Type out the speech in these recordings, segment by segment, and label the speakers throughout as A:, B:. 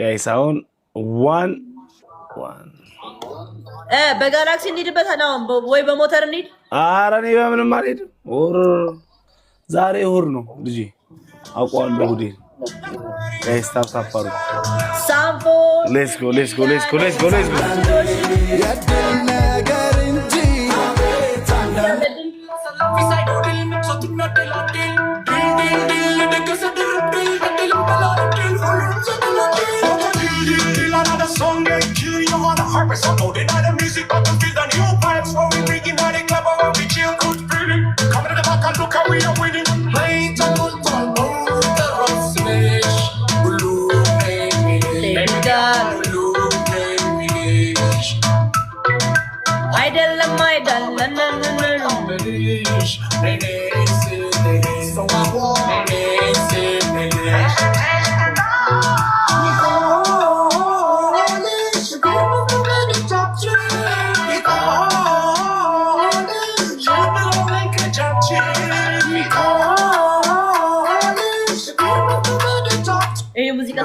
A: ጋይስ አሁን ዋን ዋን
B: በጋላክሲ እንሂድበታል። አሁን ወይ በሞተር እንሂድ።
A: ኧረ እኔ በምንም አልሄድም። ር ዛሬ እሑድ ነው ልጄ አውቀዋለሁ። እሑድ ጋይስ ታፕ ታፕ አድርጉ። ሌትስ ጎ ሌትስ ጎ ሌትስ ጎ ሌትስ ጎ ሌትስ ጎ we sound no the music, but to feel the new vibes. we bringing out the club, what we chill, good feeling. to the back and look how we are winning.
B: Idol, my idol,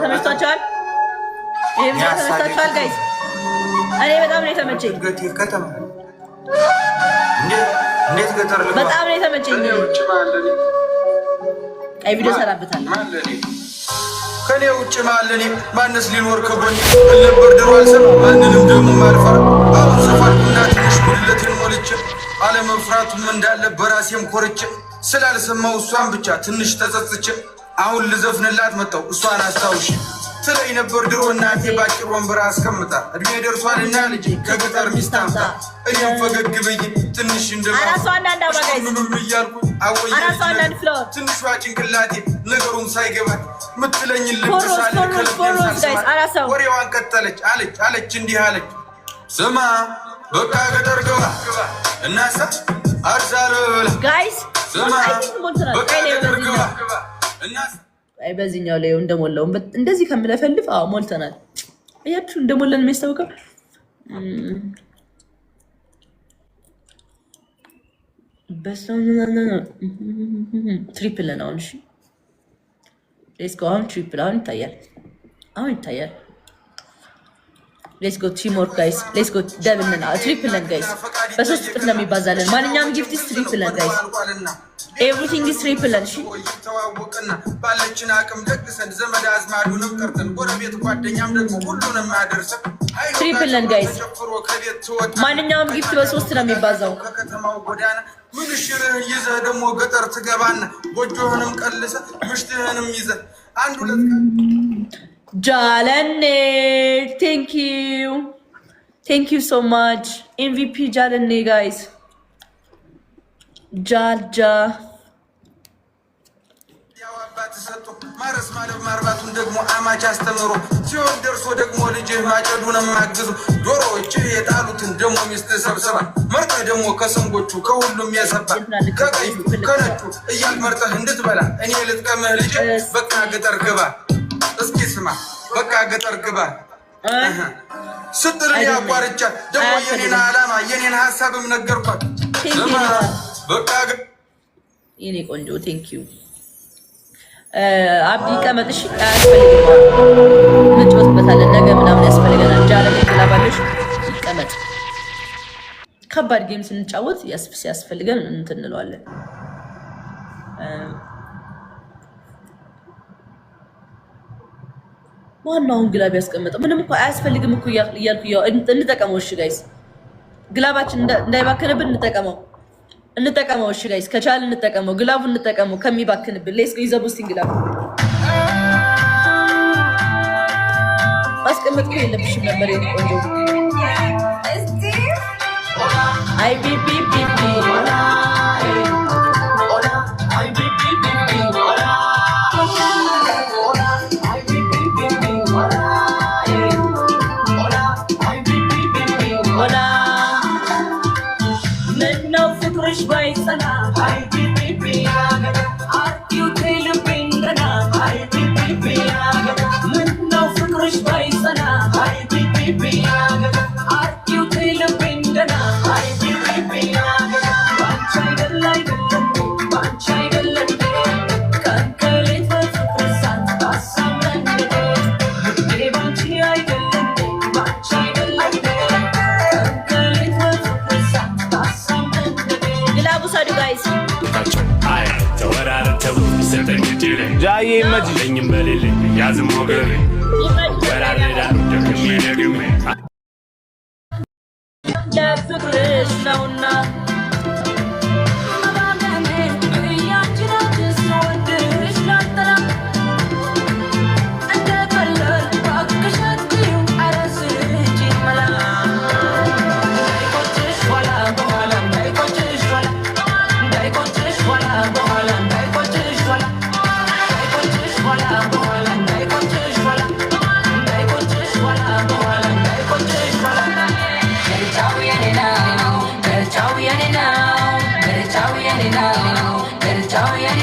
B: ተመችቷቸዋል። ይህ ብዛት ተመችቷቸዋል ጋይዝ። እኔ በጣም ነው የተመቸኝ። በጣም ነው የተመቸኝ። ቀይ ቪዲዮ ሰራበታል።
A: ከኔ ውጭ ማለኔ ማነስ ሊኖር ከጎን ነበር ድሮ አልሰር ማንንም ደግሞ ማልፈር አሁን ሰፋና ትንሽ ጉድለትን ሞልቼ አለመፍራቱም እንዳለ በራሴም ኮርቼ ስላልሰማው እሷን ብቻ ትንሽ ተጸጽቼ አሁን ልዘፍንላት መጣው እሷን አስታውሽ ስለይ ነበር ድሮ እናቴ ባጭር ወንበር አስቀምጣ እድሜ እና ልጅ ከገጠር ሚስት አምጣ እኔም ፈገግ ብዬ ትንሽ
B: እንደምንም እያልኩ አወየ
A: ትንሿ ጭንቅላቴ ነገሩን ሳይገባት ምትለኝ ልብሳለ ወሬዋን ቀጠለች አለች አለች እንዲህ አለች ስማ በቃ ገጠር ገባ እናሳ አርሳ በላ
B: ስማ በቃ ገጠር ገባ አይ በዚህኛው ላይ እንደሞላው እንደዚህ ከምለፈልፍ አዎ ሞልተናል። እያችሁ እንደሞላን የሚያስታውቀው በሰውና ትሪፕል ነው። እሺ ሌስ ጎ አሁን ትሪፕል አሁን ይታያል፣ አሁን ይታያል። ሌስ ጎ ትሪ ጋይስ፣ ሌስ ጎ ደብል ነን፣ ትሪፕል ነን ጋይስ። በሶስት ጥፍ ነው የሚባዛለን። ማንኛውም ጊፍትስ ትሪፕል ነን ጋይስ ኤቭሪቲንግ ኢዝ ትሪፕለን ተዋወቅና ባለችን አቅም ደግሰን ዘመድ አዝማዱንም ቀርተን ጎረቤት ጓደኛም ደግሞ ሁሉንም አደርሰን ትሪፕለን ጋይዝ። ማንኛውም ጊፍት በሶስት ነው የሚባዛው። ከከተማው ጎዳና ምንሽርህ ይዘህ ደግሞ ገጠር ትገባና ጎጆህንም ቀልሰ ምሽትህንም ይዘህ አንድ ሁለት ጃለኔ ቴንክ ዩ ቴንክ ዩ ሶ ማች ኤምቪፒ ጃለኔ ጋይዝ ጃልጃ ማረስ ማለብ ማርባቱን ደግሞ አማች አስተምሮ ሲሆን ደርሶ ደግሞ ልጅህ ማጨዱን ማግዙ ዶሮዎች የጣሉትን ደግሞ ሚስት ሰብስባ መርጠህ ደግሞ ከሰንጎቹ ከሁሉም የሰባ ከቀዩ ከነጩ እያል መርጠህ እንድትበላ እኔ ልጥቀምህ ልጅ በቃ ገጠር ግባ። እስኪ ስማ በቃ ገጠር ግባ ስትል ያቋርጫ ደግሞ የኔን አላማ የኔን ሀሳብም ነገርኳት። በቃ የኔ ቆንጆ ቴንኪዩ አብዲ ቀመጥሽ እሺ፣ አያስፈልግም። እንጫወትበታለን ነገ ምናምን ያስፈልገናል። ጃለ ላባሎች ይቀመጥ። ከባድ ጌም ስንጫወት ሲያስፈልገን እንትን እንለዋለን። ዋናውን ግላብ ያስቀመጠው ምንም እኮ አያስፈልግም እኮ እያልኩ እንጠቀመው። እሺ ጋይስ ግላባችን እንዳይባከንብን እንጠቀመው። እንጠቀመው። እሺ ጋይስ ከቻል እንጠቀመው፣ ግላቡ እንጠቀመው ከሚባክንብን። ሌስ ጎ ቡስቲንግ ግላቡ ማስቀመጥ የለብሽም ነበር ቆንጆ አይ ቢ ቢ ቢ ይመችሽ። ደረጃው የኔ ነው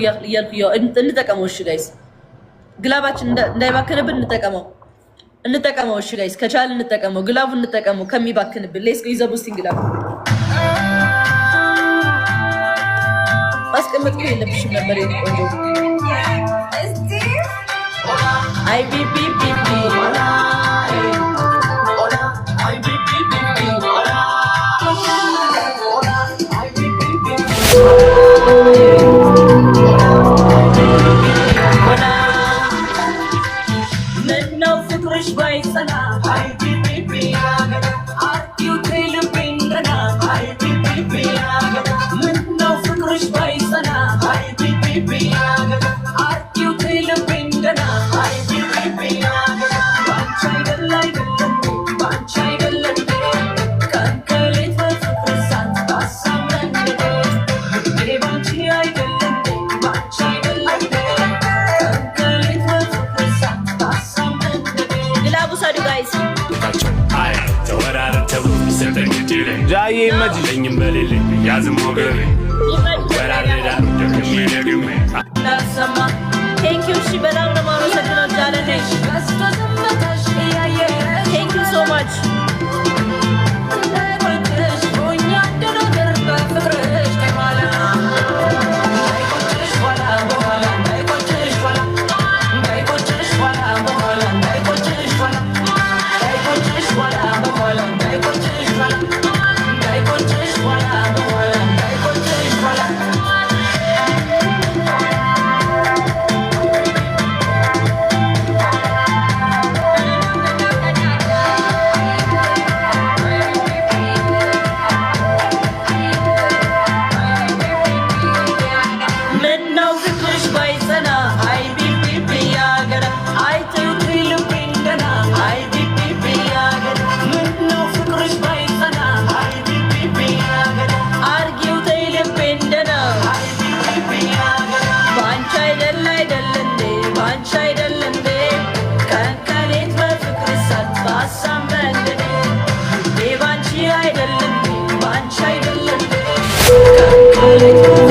B: እያልኩ እያልኩ እንጠቀመው። እሺ ጋይስ ግላባችን እንዳይባክንብን እንጠቀመው እንጠቀመው። እሺ ጋይስ ከቻል እንጠቀመው፣ ግላቡ እንጠቀመው ከሚባክንብን። ሌስ ይዘ ቡስቲን ግላቡ ማስቀመጥ የለብሽም ነበር ቆንጆ አይ ቢቢ Oh እኔ ይመችልኝም በሌሌ ያዝም ወገቤ በራሬዳ ደግሜ ደግሜ Thank you.